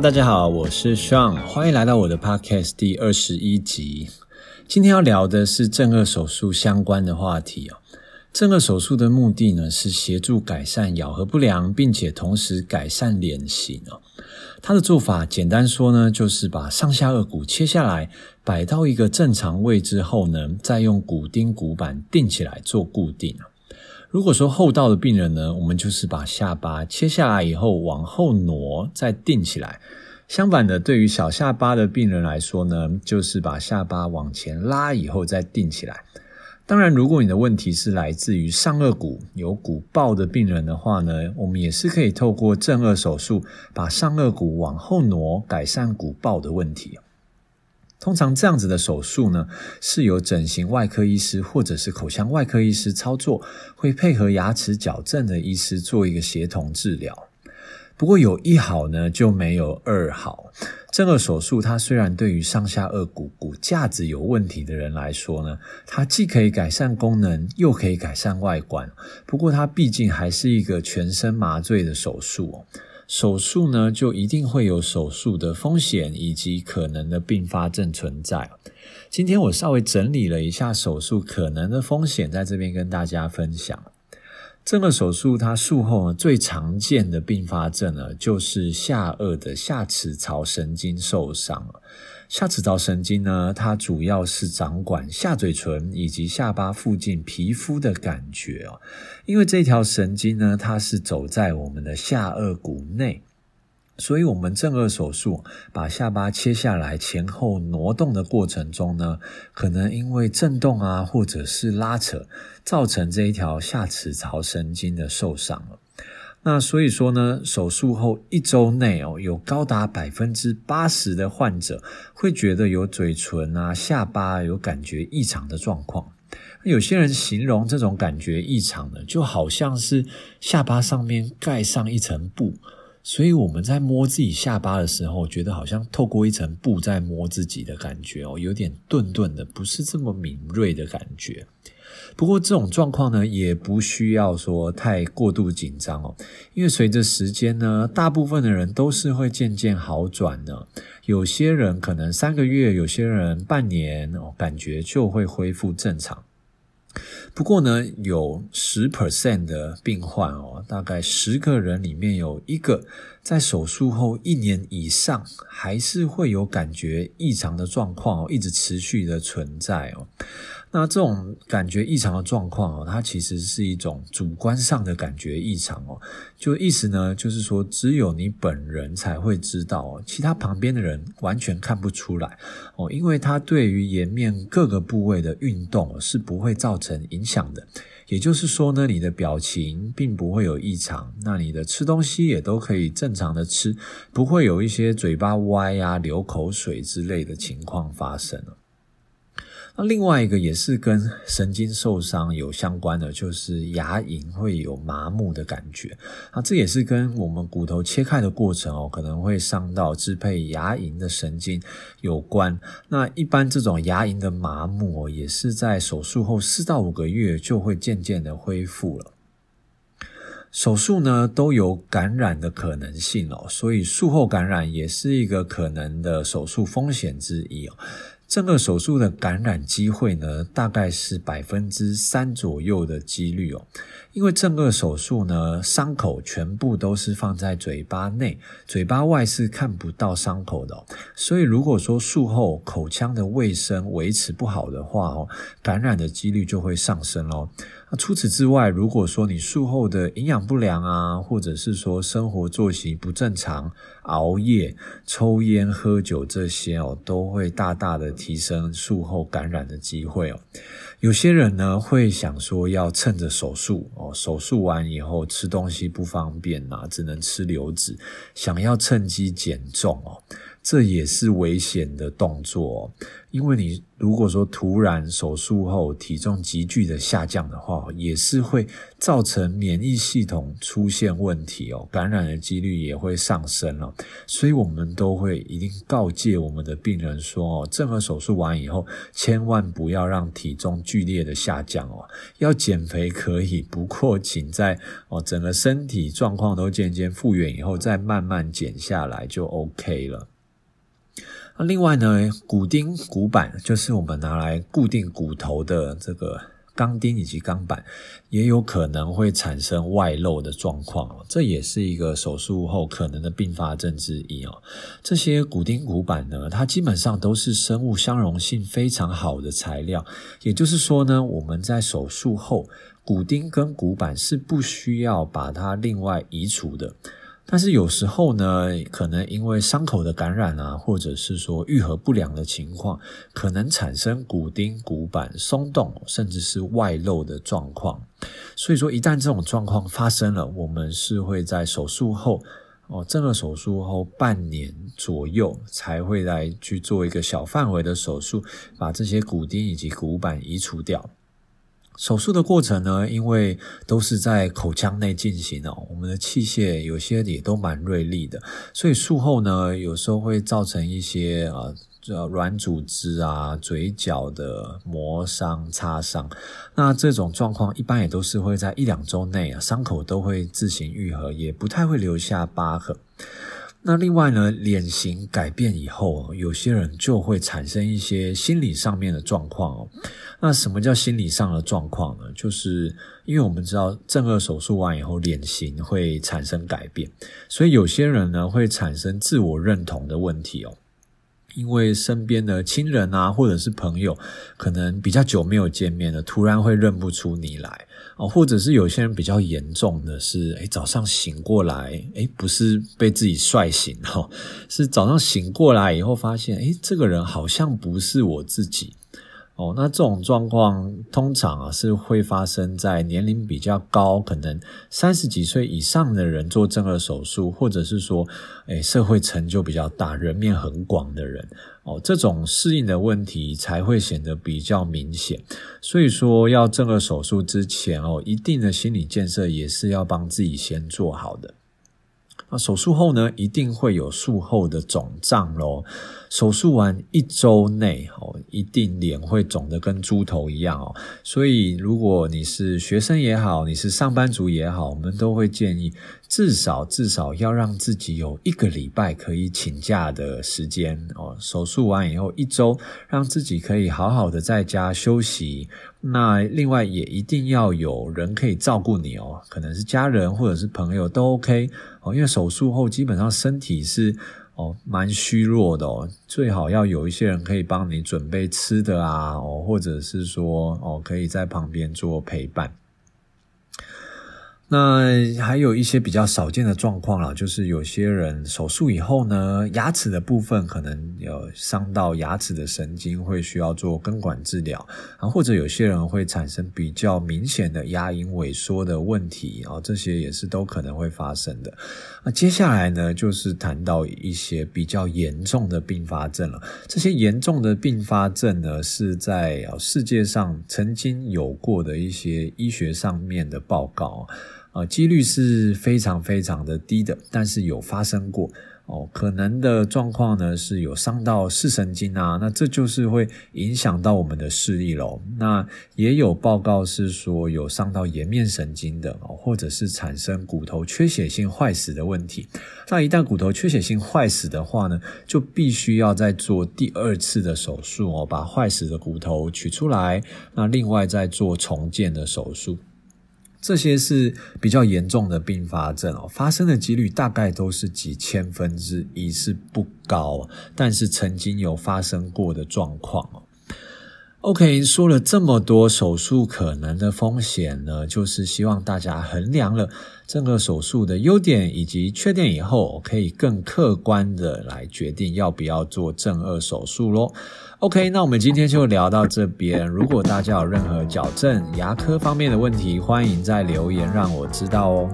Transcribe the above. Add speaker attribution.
Speaker 1: 大家好，我是 Sean，歡迎來到我的 podcast 第二十一集。今天要聊的是正顎手術相關的話題哦。正顎手術的目的呢，是協助改善咬合不良，並且同時改善臉型哦。它的做法簡單說呢，就是把上下顎骨切下來，擺到一個正常位置後呢，再用骨釘、骨板釘起來做固定。如果說戽斗的病人呢，我們就是把下巴切下來以後往後挪，再定起來；相反的，對於小下巴的病人來說呢，就是把下巴往前拉以後再定起來。當然，如果你的問題是來自於上顎骨有骨暴的病人的話呢，我們也是可以透過正顎手術把上顎骨往後挪，改善骨暴的問題。通常這樣子的手術呢，是由整形外科醫師或者是口腔外科醫師操作，會配合牙齒矯正的醫師做一個協同治療。不過有一好呢，就沒有二好。這個手術它雖然對於上下顎骨骨架子有問題的人來說呢，它既可以改善功能，又可以改善外觀。不過它畢竟還是一個全身麻醉的手術哦。手術呢，就一定會有手術的風險以及可能的併發症存在。今天我稍微整理了一下手術可能的風險，在這邊跟大家分享。這個手術它術後最常見的併發症呢，就是下顎的下齒槽神經受傷。下齒槽神經呢，它主要是掌管下嘴唇以及下巴附近皮膚的感覺哦。因為這條神經呢，它是走在我們的下顎骨內，所以我們正顎手術把下巴切下來前後挪動的過程中呢，可能因為震動啊，或者是拉扯，造成這一條下齒槽神經的受傷了。那所以說呢，手術後一周內哦，有高達百分之八十的患者會覺得有嘴唇啊、下巴啊，有感覺異常的狀況。有些人形容這種感覺異常就好像是下巴上面蓋上一層布，所以我們在摸自己下巴的時候，覺得好像透過一層布在摸自己的感覺哦，有點鈍鈍的，不是這麼敏銳的感覺。不過這種狀況呢，也不需要說太過度緊張哦，因為隨着時間呢，大部分的人都是會漸漸好轉的哦。有些人可能三個月，有些人半年哦，感覺就會恢復正常。不過呢，有十 percent 的病患哦，大概十個人裡面有一個，在手術後一年以上，還是會有感覺異常的狀況哦，一直持續的存在哦。那這種感覺異常的狀況哦，它其實是一種主觀上的感覺異常哦。就意思呢，就是說只有你本人才會知道哦，其他旁邊的人完全看不出來哦，因為他對於顏面各個部位的運動哦，是不會造成影響的。也就是說呢，你的表情並不會有異常，那你的吃東西也都可以正常的吃，不會有一些嘴巴歪啊、流口水之類的情況發生哦。那另外一個也是跟神經受傷有相關的，就是牙齦會有麻木的感覺啊，這也是跟我們骨頭切開的過程哦，可能會傷到支配牙齦的神經有關。那一般這種牙齦的麻木也是在手術後四到五個月就會漸漸的恢復了。手術呢都有感染的可能性哦，所以術後感染也是一個可能的手術風險之一哦。這個手術的感染機會呢，大概是百分之三左右的幾率哦。因為正顎手術呢，傷口全部都是放在嘴巴內，嘴巴外是看不到傷口的哦。所以如果說術後口腔的衛生維持不好的話哦，感染的幾率就會上升哦。啊，除此之外，如果說你術後的營養不良啊，或者是說生活作息不正常、熬夜、抽菸、喝酒這些哦，都會大大的提升術後感染的機會哦。有些人呢會想說，要趁着手術哦，手術完以後吃東西不方便吶、啊，只能吃流質，想要趁機減重哦。這也是危險的動作哦，因為你如果說突然手術後體重急劇的下降的話，也是會造成免疫系統出現問題哦，感染的幾率也會上升哦。所以我們都會一定告誡我們的病人說哦，正顎手術完以後，千萬不要讓體重劇烈的下降哦。要減肥可以，不過請在哦整個身體狀況都漸漸復原以後，再慢慢減下來就 OK 了。那另外呢，骨釘、骨板就是我們拿來固定骨頭的這個鋼釘以及鋼板，也有可能會產生外露的狀況，這也是一個手術後可能的併發症之一哦。這些骨釘、骨板呢，它基本上都是生物相容性非常好的材料，也就是說呢，我們在手術後，骨釘跟骨板是不需要把它另外移除的。但是有時候呢，可能因為傷口的感染啊，或者是說愈合不良的情況，可能產生骨釘、骨板鬆動，甚至是外露的狀況。所以說，一旦這種狀況發生了，我們是會在手術後，哦，正顎手術後半年左右才會來去做一個小範圍的手術，把這些骨釘以及骨板移除掉。手術的過程呢，因為都是在口腔內進行哦，我們的器械有些也都蠻銳利的，所以術後呢，有時候會造成一些啊、呃，軟組織啊、嘴角的磨傷、擦傷。那這種狀況一般也都是會在一兩周內啊，傷口都會自行愈合，也不太會留下疤痕。那另外呢，臉型改變以後，有些人就會產生一些心理上面的狀況哦。那什麼叫心理上的狀況呢？就是因為我們知道正頜手術完以後，臉型會產生改變，所以有些人呢會產生自我認同的問題哦。因為身邊的親人啊，或者是朋友，可能比較久沒有見面了，突然會認不出你來哦，或者是有些人比較嚴重的是，哎，早上醒過來，哎，不是被自己帥醒哦，是早上醒過來以後發現，哎，這個人好像不是我自己。哦，那這種狀況通常啊是會發生在年齡比較高，可能三十幾歲以上的人做正頜手術，或者是說、欸，社會成就比較大、人面很廣的人，哦，這種適應的問題才會顯得比較明顯。所以說，要正頜手術之前、哦、一定的心理建設也是要幫自己先做好的。那手術後呢，一定會有術後的腫脹咯。手術完一周內一定臉會腫得跟豬頭一樣，所以如果你是學生也好，你是上班族也好，我們都會建議至少至少要讓自己有一個禮拜可以請假的時間，手術完以後一周，讓自己可以好好的在家休息。那另外也一定要有人可以照顧你哦，可能是家人或者是朋友都 OK，因為手術後基本上身體是。哦，蠻虛弱的哦，最好要有一些人可以幫你準備吃的啊，哦，或者是說，哦，可以在旁邊做陪伴。那還有一些比較少見的狀況啦、啊、就是有些人手術以後呢，牙齒的部分可能有傷到牙齒的神經，會需要做根管治療啊；或者有些人會產生比較明顯的牙齦萎縮的問題啊、哦，這些也是都可能會發生的。那、啊、接下來呢，就是談到一些比較嚴重的併發症了。這些嚴重的併發症呢，是在、哦、世界上曾經有過的一些醫學上面的報告。啊，幾率是非常非常的低的，但是有發生過哦。可能的狀況呢，是有傷到視神經啊，那這就是會影響到我們的視力咯，那也有報告是說有傷到顏面神經的，或者是產生骨頭缺血性壞死的問題。那一旦骨頭缺血性壞死的話呢，就必須要再做第二次的手術哦，把壞死的骨頭取出來，那另外再做重建的手術。這些是比較嚴重的併發症哦，發生的幾率大概都是幾千分之一，是不高，但是曾經有發生過的狀況哦。OK，說了這麼多手術可能的風險呢，就是希望大家衡量了正顎手術的優點以及缺點以後，可以更客觀的來決定要不要做正顎手術咯。OK，那我們今天就聊到這邊。如果大家有任何矯正牙科方面的問題，歡迎在留言讓我知道哦。